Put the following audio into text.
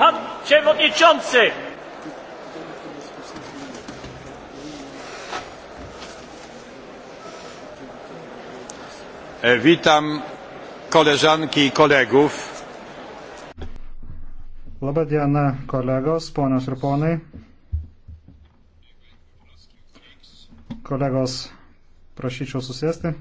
Pan Przewodniczący! E, witam koleżanki i kolegów. Labą dieną, kolegos, ponios ir ponai. Kolegos, prašyčiau susėsti.